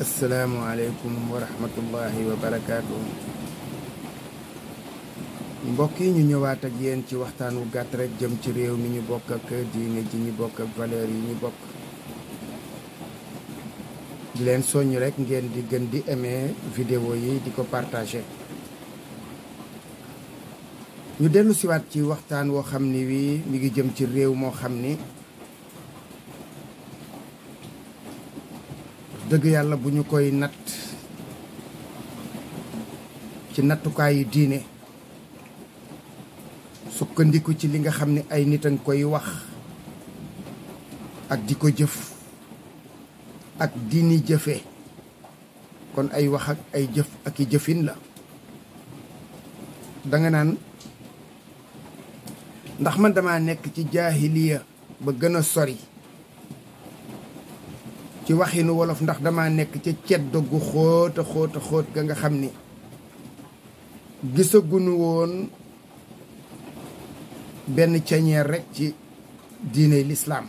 asalaamualeykum wa rahmatullahi wa barakaatu. mbokk yi ñu ñëwaat ak yéen ci waxtaan wu gàtt rek jëm ci réew mi ñu bokk ak diine ji ñu bokk ak valeur yi ñu bokk. di leen soññ rekk ngeen di gën di amee video yi di ko partager. ñu dellusiwaat ci waxtaan woo xam ni wii mi ngi jëm ci réew moo xam ni. dëgg yàlla bu ñu koy natt ci nattukaayu diine sukkandiku ci li nga xam ne ay nit a koy wax ak di ko jëf ak diini jëfe kon ay wax ak ay jëf ak i jëfin la danga naan ndax man dama nekk ci jaahiliya ba gën a sori ci waxinu wolof ndax dama nekk ci ceddo gu xóota xóota xóot ga nga xam ni gisaguñu woon benn ceñeer rekk ci diine lislaam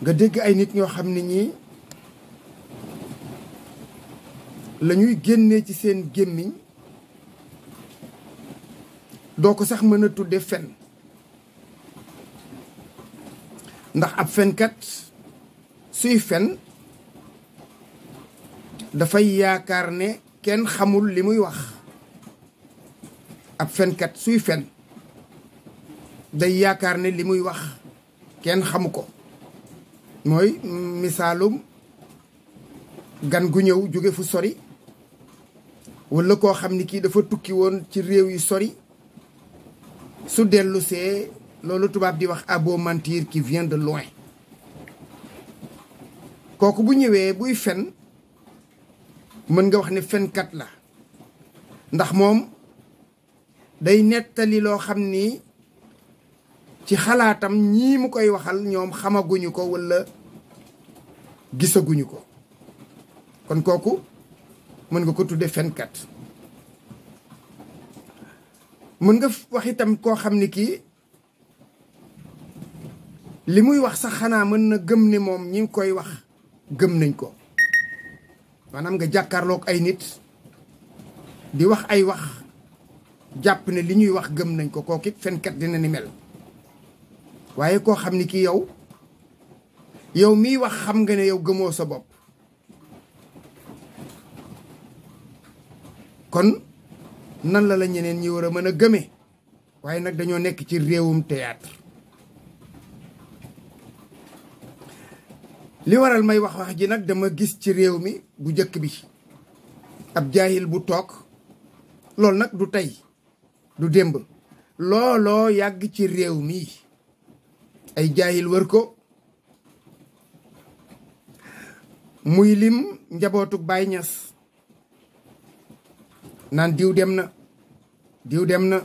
nga dégg ay nit ñoo xam ne ñii lañuy génne ci seen gémmiñ doo ko sax mën a tudde fen ndax ab fenkat suy fen dafay yaakaar ne kenn xamul li muy wax ab fenkat suy fen day yaakaar ne li muy wax kenn xamu ko mooy misaalum gan gu ñëw jóge fu sori wala koo xam ni kii dafa tukki woon ci réew yu sori su dellusee loolu tubaab di wax à beau mentir qui vient de loin kooku bu ñëwee buy fen mën nga wax ni fenkat la ndax moom day nettali loo xam ni ci xalaatam ñii mu koy waxal ñoom xamaguñu ko walla gisaguñu ko kon kooku mën nga ko tudde fenkat mën nga wax koo xam ni kii li muy wax sax xanaa mën na gëm ne moom ñi ngi koy wax gëm nañ ko maanaam nga jàkkaarloog ay nit di wax ay wax jàpp ne li ñuy wax gëm nañ ko kooku it fenkat dina ni mel waaye koo xam ne ki yow yow miy wax xam nga ne yow gëmoo sa bopp kon nan la la ñeneen ñi war a mën a gëme waaye nag dañoo nekk ci réewum théâtre li waral may wax wax ji nag dama gis ci réew mi bu njëkk bi ab jaahil bu toog loolu nag du tey du démb looloo yàgg ci réew mi ay jaahil wër ko muy lim njabootu Baay Ñas naan diw dem na diw dem na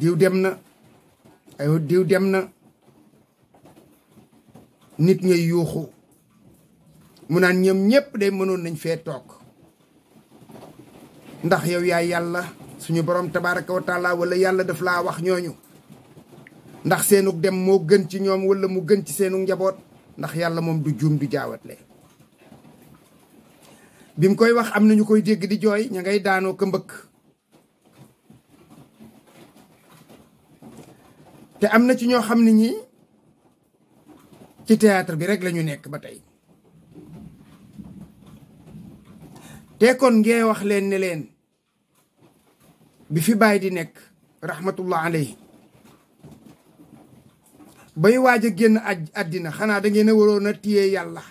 diw dem na ay diw dem na nit ñay yuuxu mu naan ñoom ñépp day mënoon nañ fee toog ndax yow yaay yàlla suñu borom tabaraka wa taala wala yàlla daf laa wax ñooñu ndax seenug dem moo gën ci ñoom walla mu gën ci seenu njaboot ndax yàlla moom du juum du jaawatle bi mu koy wax am na ñu koy dégg di jooy ña ngay daanoo ko mbëkk te am na ci ñoo xam ne ñi ci théâtre bi rek la ñu nekk ba tey te kon ngee wax leen ne leen bi fi bàyyi di nekk rahmatullah alayhi bay waaj a génn àddina xanaa dangeen ngeen a waroon a téye yàlla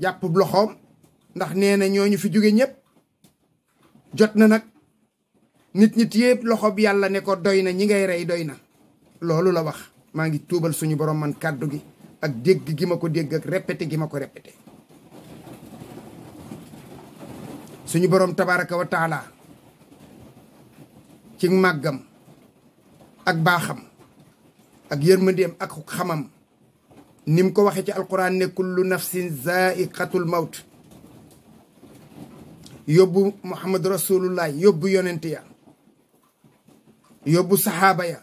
jàpp loxoom ndax nee na ñooñu fi jóge ñépp jot na nag nit ñi téye loxo yàlla ne ko doy na ñi ngay rey doy na loolu la wax maa ngi tuubal suñu boroom man kàddu gi ak dégg gi ma ko dégg ak répété gi ma ko repete suñu boroom tabaraka wa taala ci màggam ak baaxam ak yërmandeem ak xamam nim ko waxee ci alquran ne kullu nafsin zaiqatul mawt yóbbu muhammad rasulullah yóbbu yonent ya yóbbu saxaaba ya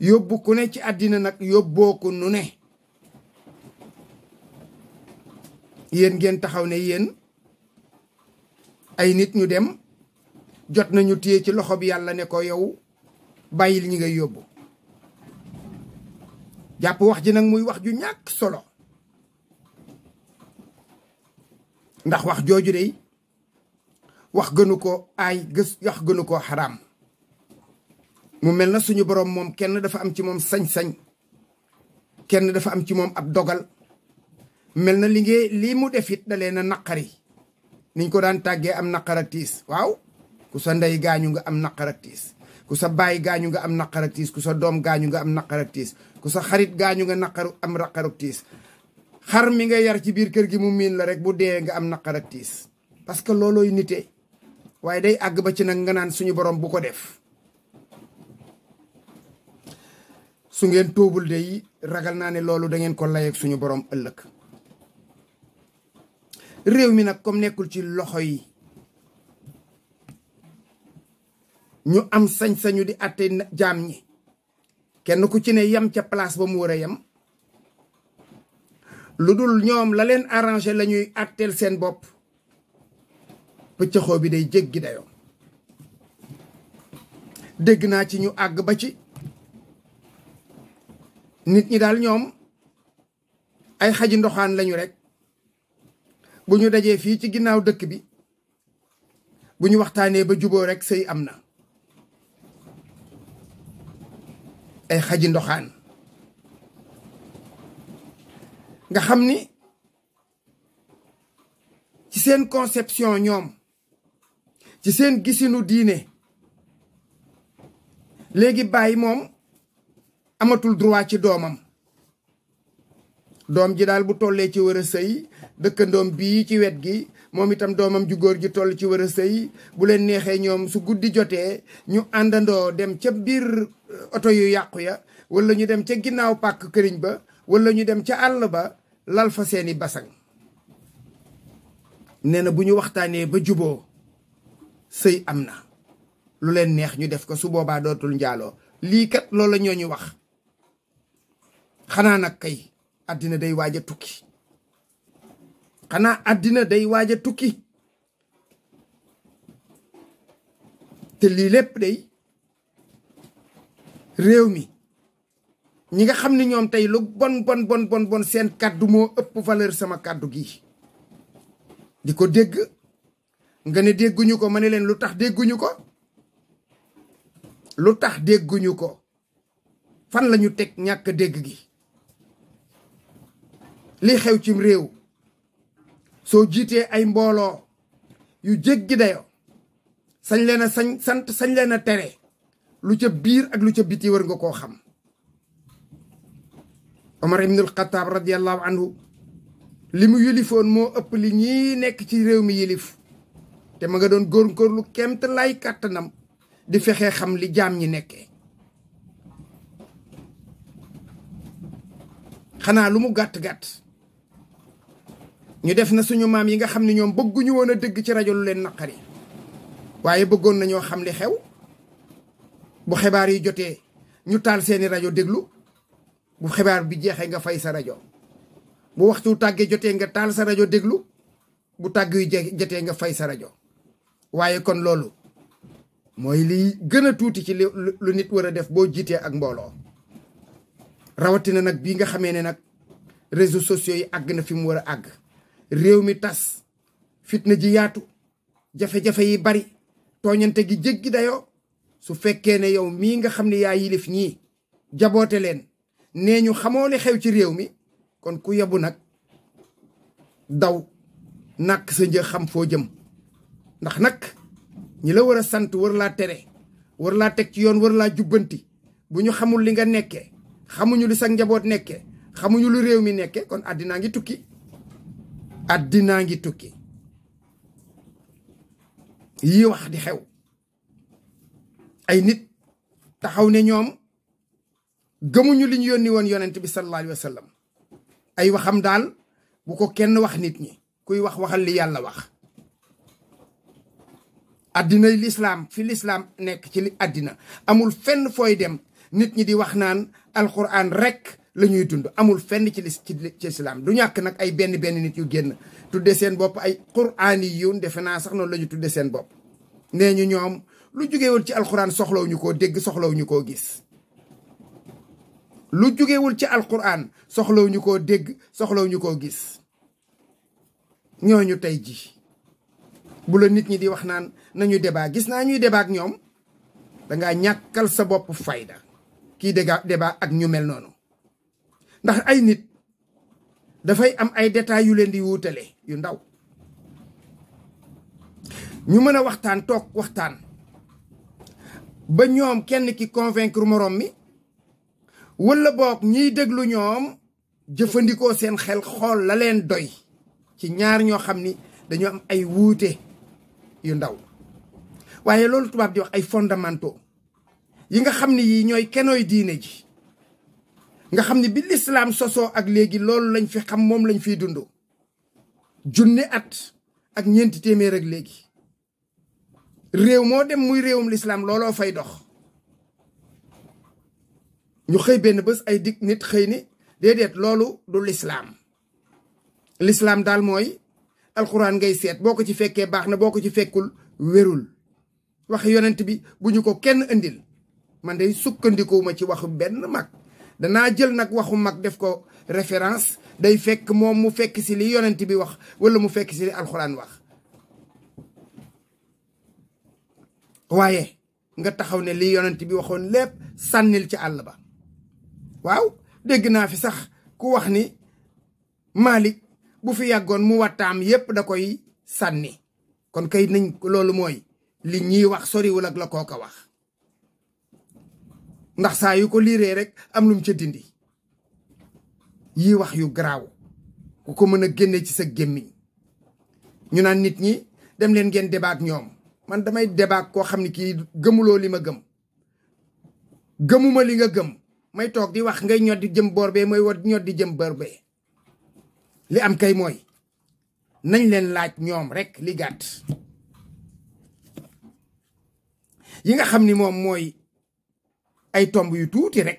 yóbbu ku ne ci àddina nag yóbboo ko nu ne yéen ngeen taxaw ne yéen ay nit ñu dem jot nañu téye ci loxo bi yàlla ne ko yow bàyyil ñi ngay yóbbu jàpp wax ji nag muy wax ju ñàkk solo ndax wax jooju dey wax gënu ko aay gës wax gënu ko xaraam mu mel na suñu borom moom kenn dafa am ci moom sañ-sañ kenn dafa am ci moom ab dogal mel na li ngee lii mu defit it na naqari niñ ko daan tàggee am naqar tiis waaw ku sa ndey gaañu nga am naqar ak tiis ku sa baay gaañu nga am naqar ku sa doom gaañu nga am naqar ku sa xarit gaañu nga naqaru am naqar tiis xar mi nga yar ci biir kër gi mu miin la rek bu dee nga am naqar tiis parce que loolooy nite waaye day àgg ba ci nag nga naan suñu borom bu ko def su ngeen toobul day ragal naa ne loolu da ngeen ko layeeg suñu borom ëllëg réew mi nag kom nekkul ci loxo yi ñu am sañ-sañu di àtte jaam ñi kenn ku ci ne yem ca place ba mu war a yem lu dul ñoom la leen arrangé la ñuy àtteel seen bopp pëccëxoo bi day jéggi dayoo dégg naa ci ñu àgg ba ci nit ñi daal ñoom ay xaji ndoxaan lañu rek bu ñu dajee fii ci ginnaaw dëkk bi bu ñu waxtaanee ba juboo rek sëy am na ay xaji ndoxaan nga xam ni ci seen conception ñoom ci seen gisinu diine léegi bàyyi moom amatul droit ci doomam doom ji daal bu tollee ci war a sëy dëkkandoom bii ci wet gi moom itam doomam ju góor ji toll ci war a sëy bu leen neexee ñoom su guddi jotee ñu àndandoo dem ca biir euh, oto yu yàqu ya wala ñu dem ca ginnaaw pàkk këriñ ba walla ñu dem ca àll ba lal fa seeni basang nee na bu ñu waxtaanee ba juboo sëy am na lu leen neex ñu def ko su boobaa dootul njaaloo lii kat loola ñoo ñu wax xanaa nag kay àddina day waaj a tukki xanaa àddina day waaj a tukki te lii lépp day réew mi ñi nga xam ne ñoom tey lu bon bon bon bon bon seen kàddu moo ëpp valeur sama kàddu gi di ko dégg nga ne dégguñu ko ma ne leen lu tax dégguñu ko lu tax dégguñu ko fan lañu teg ñàkk dégg gi li xew ci réew soo jiitee ay mbooloo yu jéggi dayo sañ leen sañ sant sañ leen tere lu ca biir ak lu ca biti war nga koo xam Omar ibnul Xataab radiallahu anhu li mu yilifoon moo ëpp li ñii nekk ci réew mi yilif te ma nga doon góorgóorlu kemt lay kàttanam di fexe xam li jaam ñi nekkee xanaa lu mu gàtt-gàtt ñu def na suñu maam yi nga xam ne ñoom bëgguñu woon a dëgg ci rajo lu leen naqari waaye bëggoon na ñoo xam li xew bu xibaar yi jotee ñu taal seeni rajo déglu bu xibaar bi jeexee nga fay sa rajo bu waxtu tàggee jotee nga taal sa rajo déglu bu tàgg yu jotee nga fay sa rajo waaye kon loolu mooy li gën a tuuti ci lu nit war a def boo jiitee ak mbooloo rawatina nag bii nga xamee ne nag réseaux sociaux yi àgg na fi mu war a àgg réew mi tas fitna ji yaatu jafe-jafe yi bari tooñante gi jéggi dayoo su fekkee ne yow mii nga xam ni yaa yilif ñii jaboote leen nee ñu xamoo li xew ci réew mi kon ku yebu nag daw nàkk sa një xam foo jëm ndax nag ñi la war a sant war laa tere war laa teg ci yoon war laa jubbanti bu ñu xamul li nga nekkee xamuñu li sa njaboot nekkee xamuñu lu réew mi nekke kon àddinaa ngi tukki addinaa ngi tukki yi wax di xew ay nit taxaw ne ñoom gëmuñu li ñu yónni woon yonent bi sallallahu alayhi ay waxam daal bu ko kenn wax nit ñi kuy wax waxal li yàlla wax addinay lislaam fi lislaam nekk ci li addina amul fenn fooy dem nit ñi di wax naan alquran rekk la ñuy dund amul fenn ci ci islam du ñàkk nag ay benn benn nit yu génn tudde seen bopp ay quraani yun defe naa sax noonu la ñu tudde seen bopp nee ñu ñoom lu jugeewul ci alquran soxlawuñu koo dégg soxlawuñu koo gis lu jugewul ci alquran soxlawuñu koo dégg soxlawuñu koo gis ñooñu tey ji bu la nit ñi di wax naan nañu débat gis naa ñuy débat ak ñoom dangaa ñàkkal sa bopp fayda kii déga débat ak ñu mel noonu ndax ay nit dafay am ay détails yu leen di wuutale yu ndaw ñu mën a waxtaan toog waxtaan ba ñoom kenn ki convaincre morom mi wala boog ñiy déglu ñoom jëfandikoo seen xel xool la leen doy ci ñaar ñoo xam ni dañoo am ay wuute yu ndaw waaye loolu tubaab di wax ay fondamentaux yi nga xam ni yii ñooy kenooy diine ji nga xam ne bi lislaam sosoo ak léegi loolu lañ fi xam moom lañ fiy dund junni at ak ñeenti téeméer ak léegi réew moo dem muy réewum lislaam looloo fay dox ñu xëy benn bés ay dikk nit xëy ni déedéet loolu du lislaam lislaam daal mooy alxuraan ngay seet boo ko ci fekkee baax na boo ko ci fekkul wérul wax yonent bi bu ñu ko kenn indil man day sukkandikuwuma ci wax benn mag danaa jël nag waxu mag def ko référence day fekk moom mu fekk si li yonent bi wax wala mu fekk si li alxuraan wax waaye nga taxaw ne li yonent bi waxoon lépp sànnil ci àll ba waaw dégg naa fi sax ku wax ni Malik bu fi yàggoon mu wattaam yépp da koy sànni kon kayit nañ loolu mooy li ñiy wax soriwul ak la kooka wax ndax saa yu ko liiree rek am lu mu ca dindi yii wax yu garaaw ku ko mën a génne ci sa gémmiñ ñu naan nit ñi dem leen ngeen débat ñoom man damay débat koo xam ne kii gëmuloo li ma gëm gëmuma li nga gëm may toog di wax ngay ñod di jëm boor bee mooy war ñod di jëm boor bee li am kay mooy nañ leen laaj ñoom rek li gàtt yi nga xam ni moom mooy ay tomb yu tuuti rek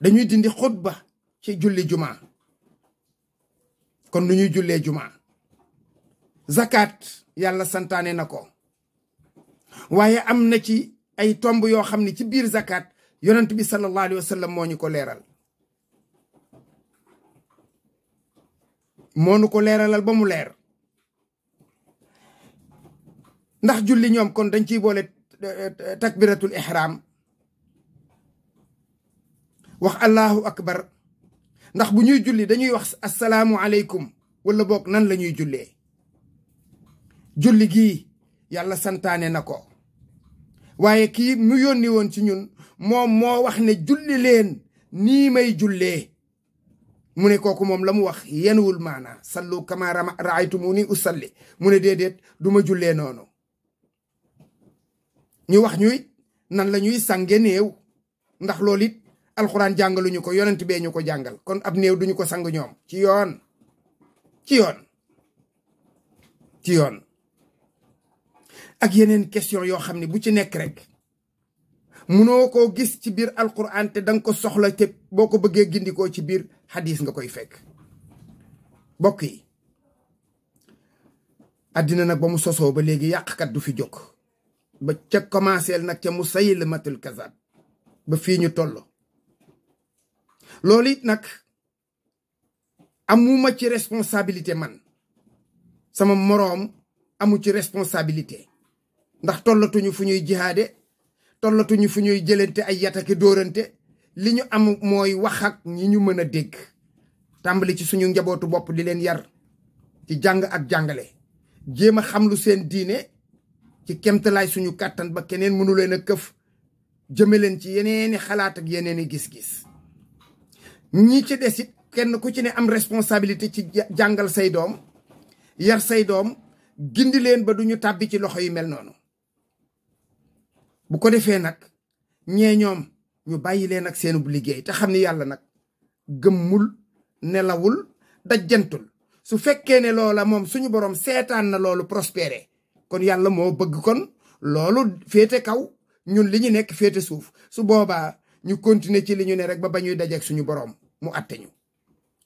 dañuy dindi xutba ci julli jumaa kon nu ñuy jullee jumaa zakat yàlla santaane na ko waaye am na ci ay tomb yoo xam ne ci biir zakat yonent bi sallallahu alayhi wa moo ñu ko leeral moo nu ko leeralal ba mu leer ndax julli ñoom kon dañ ciy takbiratul ihram wax allahu akbar ndax bu ñuy julli dañuy wax asalaamu aleykum wala boog nan la ñuy jullee julli gi yàlla santaane na ko waaye kii mu yónni woon ci ñun moom moo wax ne julli nii may jullee mu ne kooku moom la mu wax yenuwul maanaa sallu kama raaytumuni usalli mu ne déedéet du ma jullee noonu ñu wax ñuy nan lañuy ñuy sange néew ndax loolu it alxuraan jàngaluñu ko yonent bee ñu ko jàngal kon ab néew duñu ko sang ñoom ci yoon ci yoon ci yoon ak yeneen question yoo xam ne bu ci nekk rek munoo ko gis ci biir alxuraan te danga ko soxla te boo ko bëggee gindikoo ci biir xadis nga koy fekk bokk yi àddina nag ba mu sosoo ba léegi yàqkat du fi jóg ba ca commencé nag ca Musaylimatul Kazzab ba fii ñu toll loolu it nag amuma ci responsabilité man sama moroom amu ci responsabilité ndax tollatuñu fu ñuy jihaade tollatuñu fu ñuy jëlante ay yataki dóorante li ñu am mooy waxak ñi ñu mën a dégg tàmbali ci suñu njabootu bopp di leen yar ci jàng ak jàngale jéem a xam lu seen diine ci kemtalaay suñu kàttan ba keneen mënu leen a këf jëme leen ci yeneeni xalaat ak yeneen yeneeni gis-gis ñi ci des it kenn ku ci ne am responsabilité ci jàngal say doom yar say doom gindi leen ba ñu tàbbi ci loxo yi mel noonu bu ko defee nag ñee ñoom ñu bàyyi leen ak seenub liggéey te xam ni yàlla nag gëmmul lawul dajjantul su fekkee ne loola moom suñu borom seetaan na loolu prospéré kon yàlla moo bëgg kon loolu féete kaw ñun li ñu nekk féete suuf su boobaa ñu continuer ci li ñu ne rek ba ba ñuy dajeeg suñu boroom mu atte ñu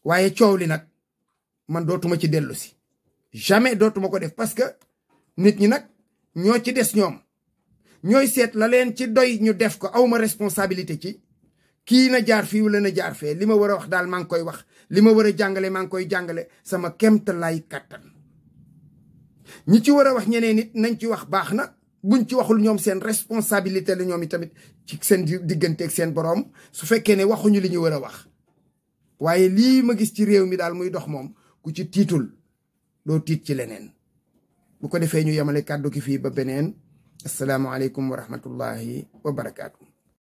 waaye coow li nag man dootuma ci dellusi si jamais dootuma ko def parce que nit ñi nag ñoo ci des ñoom ñooy seet la leen ci doy ñu def ko awma responsabilité ci kii na jaar fii wala na jaar fee li ma war a wax daal maa ngi koy wax li ma war a jàngale maa ngi koy jàngale sama kemtalaay kàttan ñi ci war a wax ñeneen it nañ ci wax baax na buñ ci waxul ñoom seen responsabilité la ñoom itamit ci seen diggante ak seen boroom su fekkee ne waxuñu li ñu war a wax waaye lii ma gis ci réew mi daal muy dox moom ku ci tiitul doo tiit ci leneen bu ko defee ñu yemale kàddu ki fii ba beneen asalaamaaleykum wa rahmatullahi wa barakaatu